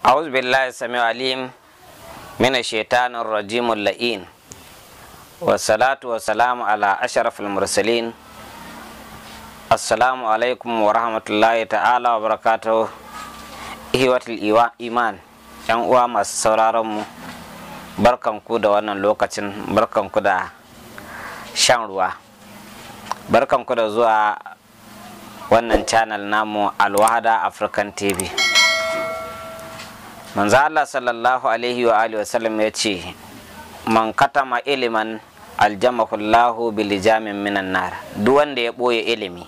أعوذ بالله السميع العليم من الشيطان الرجيم اللئين والصلاة والسلام على أشرف المرسلين السلام عليكم ورحمة الله تعالى وبركاته إخوة الإيمان ‘yan uwa masu sauraronmu barkanku da wannan lokacin barkanku da shan ruwa barkanku da zuwa wannan channel namu alwahada african tv manzo Allah sallallahu alaihi wa alihi wasallam ya ce man katama iliman aljamahu Allahu bil jamin minan nar duk wanda ya boye ilimi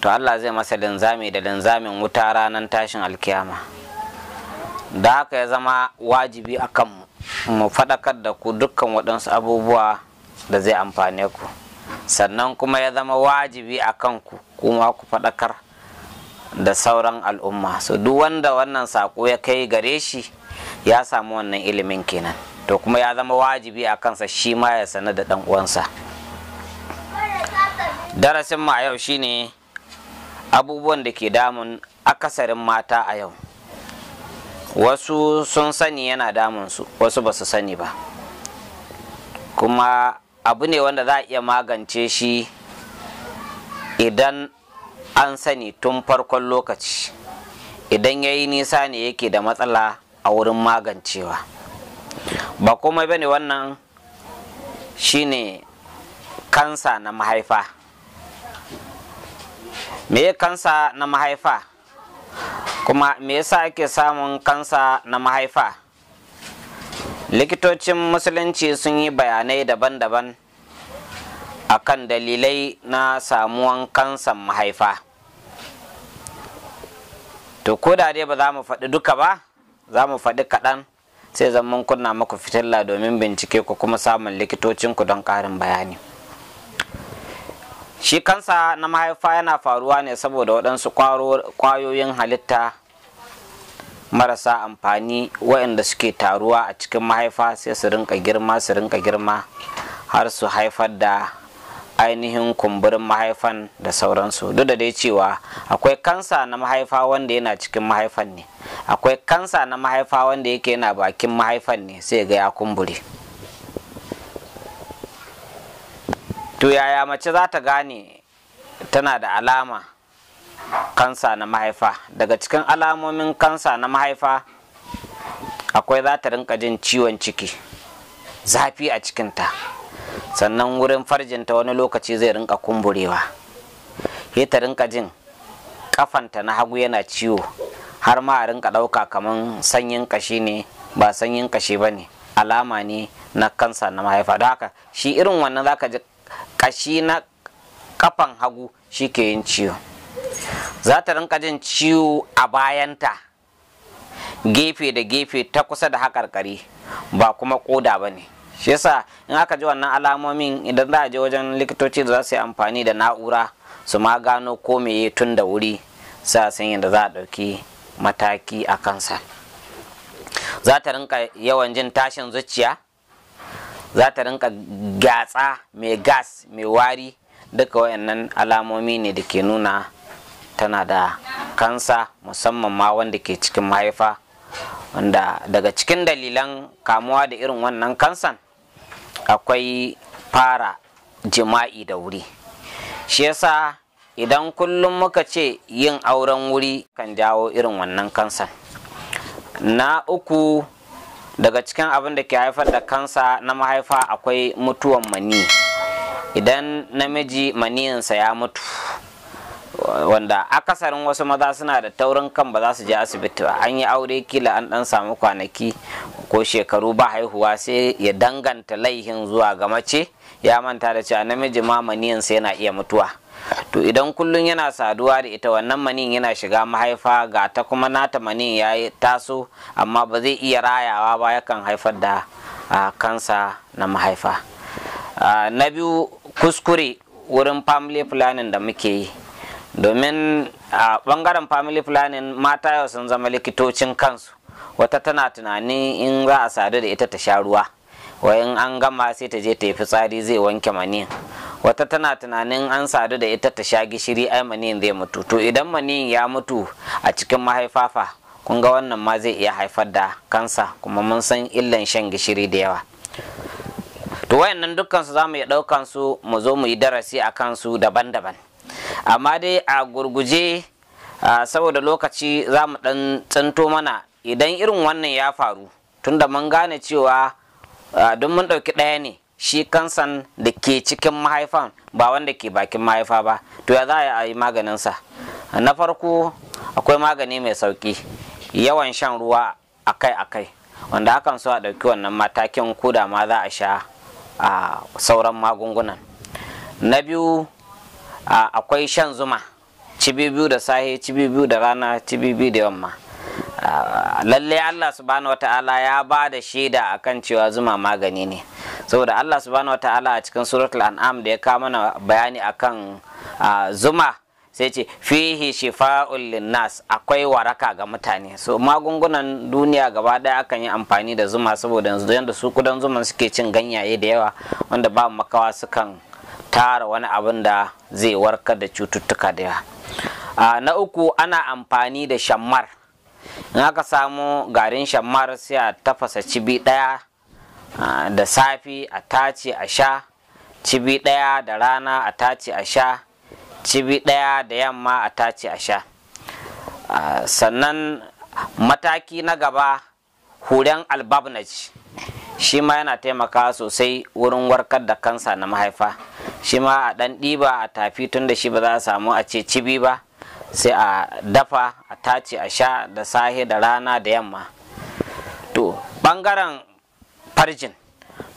to Allah zai masa linzami da linzamin wuta ranar tashin alkiyama da haka ya zama wajibi akan mu faɗakar da ku dukkan waɗansu abubuwa da zai amfane ku sannan kuma ya zama wajibi a kanku kuma ku faɗakar da sauran al'umma so duk wanda wannan sako ya kai gare shi ya samu wannan ilimin kenan to kuma ya zama wajibi a kansa shi ma ya sanar da ɗan uwansa darasin mu a yau shine abubuwan da ke damun akasarin mata a yau wasu sun sani yana su wasu basu sani ba kuma abu ne wanda za a iya magance shi idan an sani tun farkon lokaci idan ya yi nisa ne yake da matsala a wurin magancewa ba komai bane wannan shine kansa na mahaifa me ya kansa na mahaifa kuma me yasa ake samun kansa na mahaifa likitocin musulunci sun yi bayanai daban-daban a kan dalilai na samuwan kansan mahaifa to ko da dai ba za mu faɗi duka ba za mu faɗi kaɗan sai zaman kunna muku fitilla domin bincike ku kuma samun likitocinku don ƙarin bayani shi kansa na mahaifa yana faruwa ne saboda waɗansu ƙwayoyin halitta marasa amfani waɗanda suke taruwa a cikin mahaifa sai su rinka girma su rinka girma har su haifar da ainihin kumburin mahaifan da sauransu duk da dai cewa akwai kansa na mahaifa wanda yana cikin mahaifan ne akwai kansa na mahaifa wanda yake yana bakin mahaifan ne sai ga ya kumbure to yaya mace za ta gane tana da alama kansa na mahaifa daga cikin alamomin kansa na mahaifa akwai za ta rinka jin ciwon ciki zafi a cikinta sannan wurin farjinta wani lokaci zai rinka kumburewa sai ta rinka jin kafanta na hagu yana ciwo har ma a rinka ɗauka kamar sanyin kashi ne ba sanyin kashi ba ne alama ne na kansa na mahaifa da haka shi irin wannan zaka ji kashi na kafan hagu shi ke yin ciwo za ta rinka jin ciwo a bayanta gefe da gefe ta kusa da haƙarƙari ba kuma ƙoda ba ne shi yasa in aka ji wannan alamomin idan za a je wajen likitoci da za su yi amfani da na'ura su ma gano ko meye tun da wuri sa san yadda za a ɗauki mataki a kansa za ta rinka yawan jin tashin zuciya za ta rinka gyatsa mai gas mai wari duka wayannan alamomi ne da ke nuna tana da kansa musamman ma wanda ke cikin mahaifa wanda daga cikin dalilan kamuwa da irin wannan kansan akwai fara jima'i da wuri shi yasa idan kullum muka ce yin auren wuri kan jawo irin wannan kansa na uku daga cikin abin da ke haifar da kansa na mahaifa akwai mutuwan mani idan namiji maniyansa ya mutu wanda akasarin wasu maza suna da taurin kan ba za su je asibiti ba an yi aure kila an dan samu kwanaki ko shekaru ba haihuwa sai ya danganta laihin zuwa ga mace ya manta da cewa namiji ma maniyansa yana iya mutuwa to idan kullum yana saduwa da ita wannan manin yana shiga mahaifa ga ta kuma nata manin ya taso amma ba zai iya rayawa ba yakan haifar da kansa na mahaifa na biyu kuskure wurin family planning da muke yi domin a bangaren family planning mata yau sun zama likitocin kansu wata tana tunani in za a sadu da ita ta sha ruwa in an gama sai ta je ta yi fitsari zai wanke maniyin wata tana tunanin an sadu da ita ta sha gishiri ai maniyin zai mutu to idan maniyin ya mutu a cikin mahaifafa kun ga wannan ma zai iya haifar da kansa kuma mun san illan shan gishiri da yawa to wayannan dukkan su za mu iya ɗaukan su mu zo mu yi darasi a kansu daban-daban amma dai a gurguje saboda lokaci za mu ɗan tsinto mana idan irin wannan ya faru tunda mun gane cewa don mun ɗauki ɗaya ne shi kansan da ke cikin mahaifan ba wanda ke bakin mahaifa ba to ya za a yi maganinsa na farko akwai magani mai sauƙi yawan shan ruwa akai-akai wanda hakan so a ɗauki wannan matakin ko ma za a sha a sauran magungunan na biyu akwai shan zuma cibi biyu da sahi, cibi biyu da rana cibi biyu da yamma lalle Allah subhanahu wata'ala ya ba da shaida akan cewa zuma magani ne saboda Allah subhanahu wata'ala a cikin suratul an'am da ya kawo mana bayani akan zuma sai ce fihi shifa'ul linnas akwai waraka ga mutane so magungunan duniya gaba daya akan yi amfani da zuma saboda yanzu yanda su kudan zuma suke cin ganyaye da yawa wanda ba makawa sukan tara wani abin da zai warkar da cututtuka da yawa na uku ana amfani da shammar in aka samu garin shammar sai a tafasa cibi ɗaya da safi a tace a sha cibi ɗaya da rana a tace a sha cibi ɗaya da yamma a tace a sha sannan mataki na gaba huren albabnaj shi ma yana taimaka sosai wurin warkar da kansa na mahaifa shi ma a ɗan ɗiba a tafi tun da shi ba za a samu a ce cibi ba sai a dafa a tace a sha da sahe da rana da yamma to ɓangaren farjin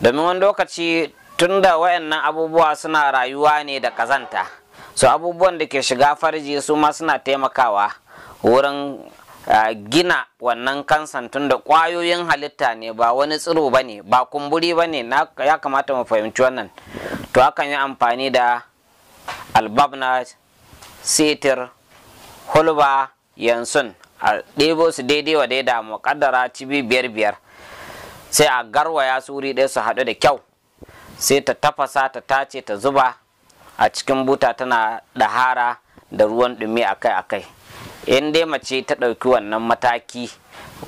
domin wani lokaci tun da wayannan abubuwa suna rayuwa ne da kazanta so abubuwan da ke shiga farji su ma suna taimakawa wurin gina wannan kansan tun da ƙwayoyin halitta ne ba wani tsiro ba ne ba kumburi ba ne ya kamata mu fahimci wannan to akan yi amfani da albabna sitir hulba yansun a ɗebo su daidai wa daida muƙaddara cibi biyar biyar sai a garwaya su wuri ɗaya su haɗu da kyau sai ta tafasa ta tace ta zuba a cikin buta tana da hara da ruwan ɗumi akai akai in dai mace ta ɗauki wannan mataki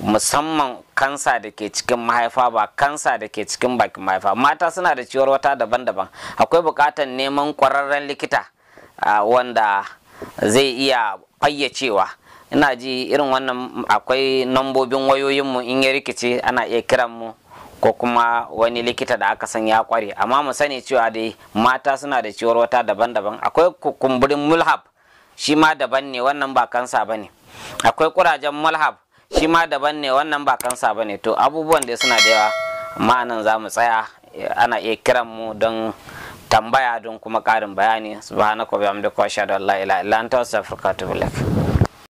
musamman kansa da ke cikin mahaifa ba kansa da ke cikin bakin mahaifa mata suna da ciwar wata daban-daban akwai bukatar neman kwararren likita wanda zai iya fayyacewa ina ji irin wannan akwai nambobin wayoyinmu in ya rikice ana iya kiran mu ko kuma wani likita da aka san ya kware amma mu sani cewa dai mata suna da ciwar wata daban-daban akwai kumburin mulhab shi ma daban ne wannan ba kansa ba ne akwai kurajen mulhab shi ma daban ne wannan ba kansa ba ne to abubuwan da suna da yawa ma'anan za mu tsaya ana iya kiran mu don tambaya don kuma karin bayani subhanaka wa bihamdika wa ashhadu an la ilaha illa anta astaghfiruka wa atubu ilaik